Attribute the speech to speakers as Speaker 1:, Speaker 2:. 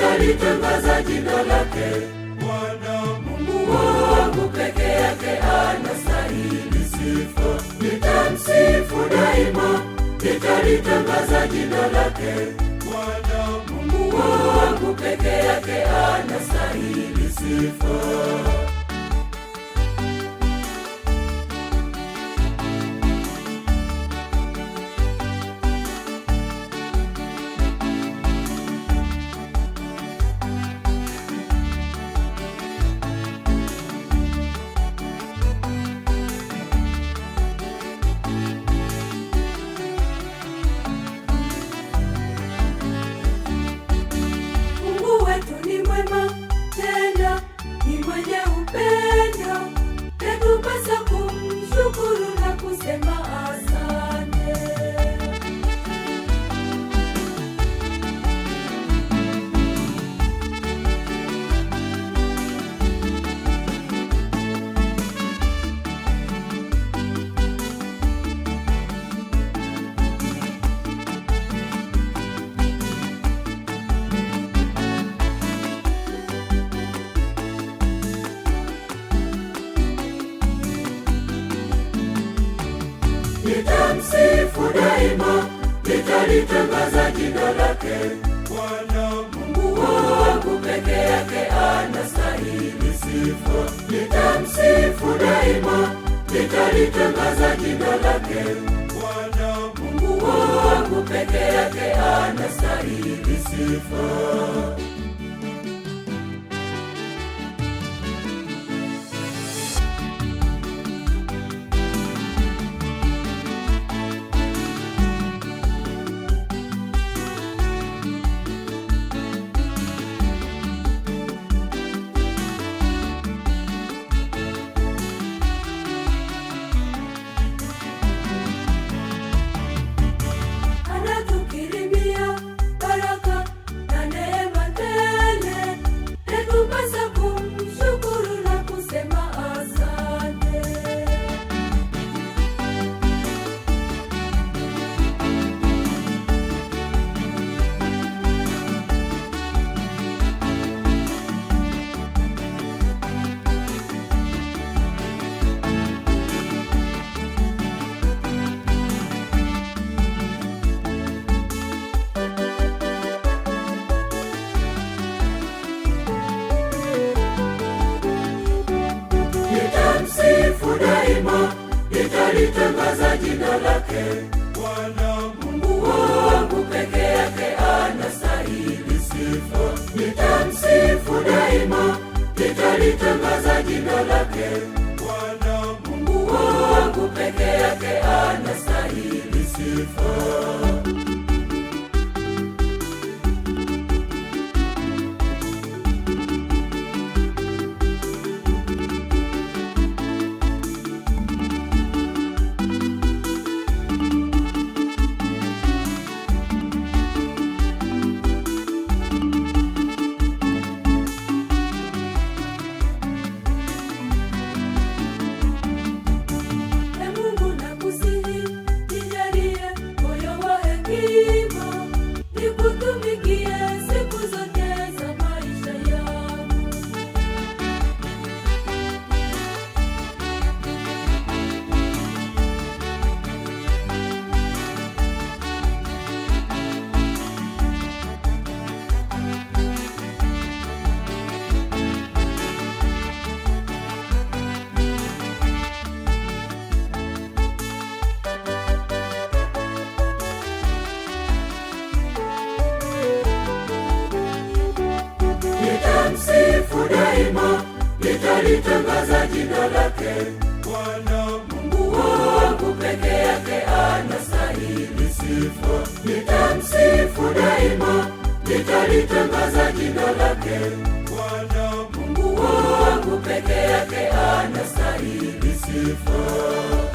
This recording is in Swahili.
Speaker 1: utalitangaza jina lake. Bwana Mungu wangu peke yake anastahili sifa, nitamsifu daima, nitalitangaza jina lake. Bwana Mungu wangu peke yake anastahili sifa.
Speaker 2: Sema
Speaker 1: nitamsifu daima, nitalitangaza jina lake. Bwana Mungu wangu peke yake anastahili sifa, nitamsifu daima, nitalitangaza jina lake. Bwana Mungu wangu peke yake anastahili sifa. kulijaza jina lake. Bwana Mungu wangu peke yake anastahili sifa, nitamsifu daima, nitalitangaza jina lake. kulitangaza jina lake. Bwana Mungu wangu peke yake anastahili sifa, nitamsifu daima, nitalitangaza jina lake. Bwana Mungu wangu peke yake anastahili sifa.